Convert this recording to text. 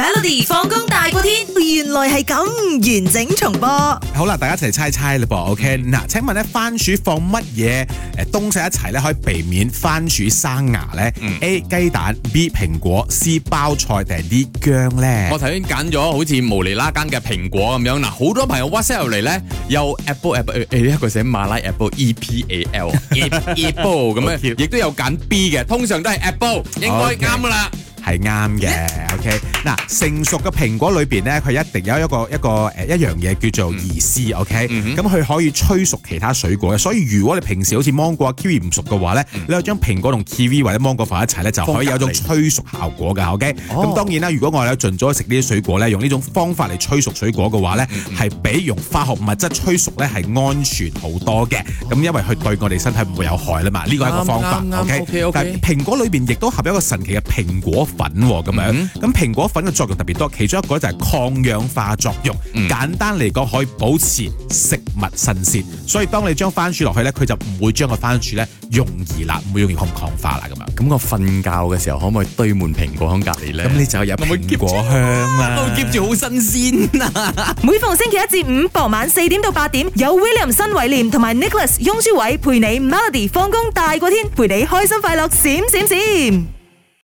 Melody 放工大過天，原來係咁完整重播。好啦，大家一齊猜猜啦噃。OK，嗱、嗯，請問咧番薯放乜嘢誒東西一齊咧可以避免番薯生芽咧、嗯、？A 雞蛋，B 蘋果，C 包菜定啲薑咧？薑呢我頭先揀咗好似無厘啦更嘅蘋果咁樣嗱，好多朋友 WhatsApp 入嚟咧，有 Apple, Apple Apple，誒一個寫馬拉 Apple E P A L、 e、Apple 咁 樣，帥亦都有揀 B 嘅，通常都係 Apple，應該啱噶啦。係啱嘅，OK。嗱，成熟嘅蘋果裏面，呢佢一定有一個一個誒一樣嘢叫做疑絲，OK。咁佢可以催熟其他水果嘅，所以如果你平時好似芒果、kiwi 唔熟嘅話呢，你有將蘋果同 kiwi 或者芒果放一齊呢就可以有種催熟效果嘅，OK。咁當然啦，如果我哋盡咗食呢啲水果呢，用呢種方法嚟催熟水果嘅話呢係比用化學物質催熟呢係安全好多嘅。咁因為佢對我哋身體唔會有害啦嘛，呢個係一個方法，OK。但蘋蘋果裏面亦都含有一個神奇嘅蘋果。粉咁樣，咁蘋、mm hmm. 果粉嘅作用特別多，其中一個就係抗氧化作用。Mm hmm. 簡單嚟講，可以保持食物新鮮。所以當你將番薯落去咧，佢就唔會將個番薯咧容易爛唔會容易抗抗氧化啦咁樣。咁我瞓覺嘅時候可唔可以堆滿蘋果喺隔籬咧？咁你就有入蘋果香啊，都 keep 住好新鮮啊！每逢星期一至五傍晚四點到八點，有 William 新偉廉同埋 Nicholas 雍舒偉陪你 Melody 放工大過天，陪你開心快樂閃閃閃。閃閃閃